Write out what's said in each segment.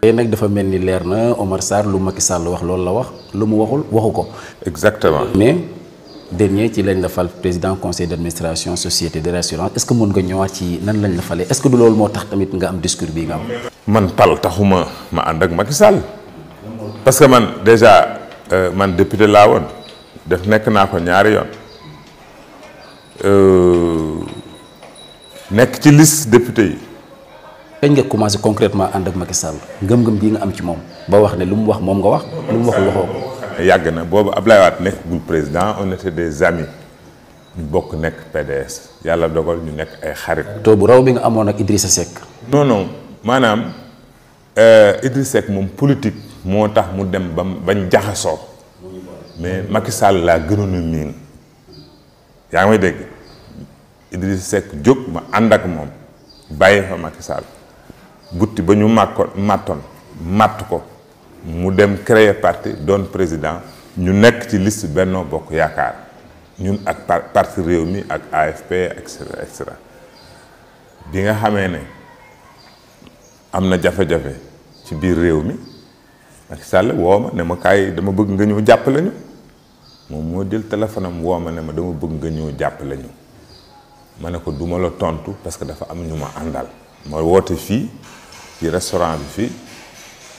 tey nag dafa mel ni leer na Omar Sarr lu Macky Sall wax loolu la wax lu mu waxul waxu ko. exactement mais dernier ci lañ la fal président conseil d' administration société de l'assurance est ce que mën nga ñëwaat ci nan lañ la falee est ce que du loolu moo tax tamit nga am discours bii nga am. man pal taxuma ma ànd ak Macky Sall parce que man déjà euh, man député laa woon def nekk naa ko ñaari yoon euh, nekk ci liste député yi. kañ nga commencé concrètement ànd ak Macky Sall ngëm-ngëm bii nga am ci moom ba wax ne lu mu wax moom nga wax lu mu waxul waxoo ko. yàgg na boobu Ablaye Wade nekkagul président on était des amis ñu bokk nekk PDS yàlla dogal ñu nekk ay xarit. taux bu raw bi nga amoon ak Idrissa Seck. non non maanaam euh, Idrissa Seck moom politique moo tax mu dem ba bañ jaxasoo mais Macky Sall laa gënoon a miin yaa ngi dégg Idrissa Seck jóg ma ànd ak moom bàyyi fa Macky gutti ba ñu màkkoon màttoon màtt ko mu dem créer parti doon président ñu nekk ci liste Benno Bokk Yaakaar ñun ak parti réew mi ak AFP et bi nga xamee ne am na jafe-jafe ci biir réew mi Macky Sall woo ma ne ma kaay dama bëgg nga ñëw jàppale ñu moom moo jël téléphone am woo ma ne ma dama bëgg nga ñëw jàppale ñu ma ne ko duma la tontu parce que dafa am ñu ma àndal ma woote fii ci restaurant bi fii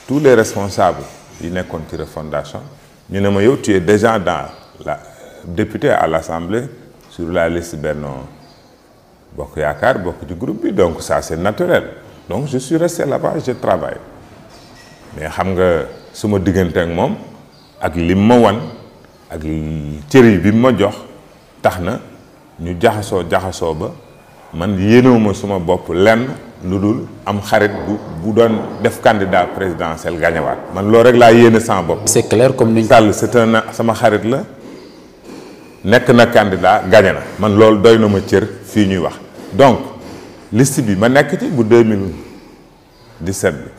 tous les responsables yi nekkoon ci refondation ñu ne ma yow tu es dans la député à l'Assemblée sur la liste Benno Bokk Yaakaar bokk ci groupe bi donc ça c'est naturel donc je suis resté là-bas mais xam nga suma diggante ak moom ak lim ma wan ak cëri bi ma jox tax na ñu jaxasoo jaxasoo ba man yéenewuma suma bopp lenn lu dul am xarit bu bu doon def candidat présidentiel gañewaat man loolu rek laa yéene sama bopp. c'est clair comme ni ñu Sall c'est na sama xarit la nekk na candidat gañe na. man loolu doy na ma cër fii ñuy wax donc list bi ma nekk ci bu 2017 bi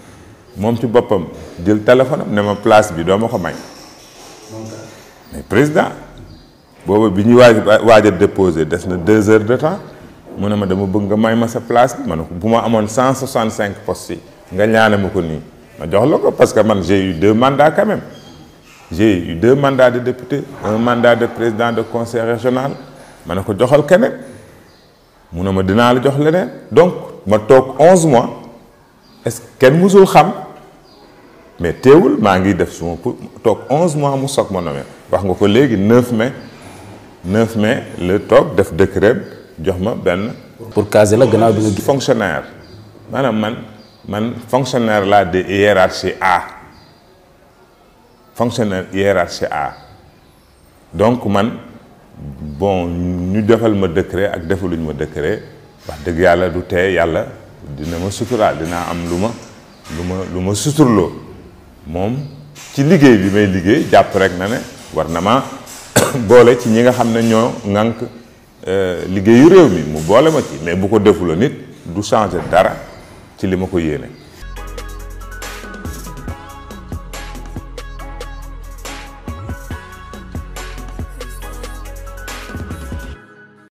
moom ci boppam jël téléphone am ne ma place bi doo ma ko may. mais président booba bi ñuy waaj waaj a déposé des na deux heures de temps. mu ne ma dama bëgg nga may ma sa place bi ma ne ko bu ma amoon cent soixante cinq postes si nga ñaane ma ko nii ma jox la ko parce que man j'ai eu deux mandats quand même yu eu deux mandats de député un mandat de président de conseil régional ma ne ko joxal keneen mu ne ma dinaa la jox leneen donc ma toog onze mois est-ce que kenn musul xam mais teewul maa ngi def suma pour toog onze mois mu soog ma nommé wax nga ko léegi 9 mai 9 mai la toog def décret jox ma benn. pour caser la gannaaw bi nga. fonctionnaire maanaam man man fonctionnaire laa de hiérarchie A fonctionnaire hiérarchie A donc man bon ñu defal ma décret ak defaluñ ma décret wax dëgg yàlla du tee yàlla dina ma suturaal dinaa am lu ma lu ma lu ma suturloo moom ci liggéey bi may liggéey jàpp rek na ne war na ma boole ci ñi nga xam ne ñoo ŋànk. Euh, liggéeyu réew mi mu boole ma ci mais bu ko defuloon nit du changer dara ci li ma ko yéene.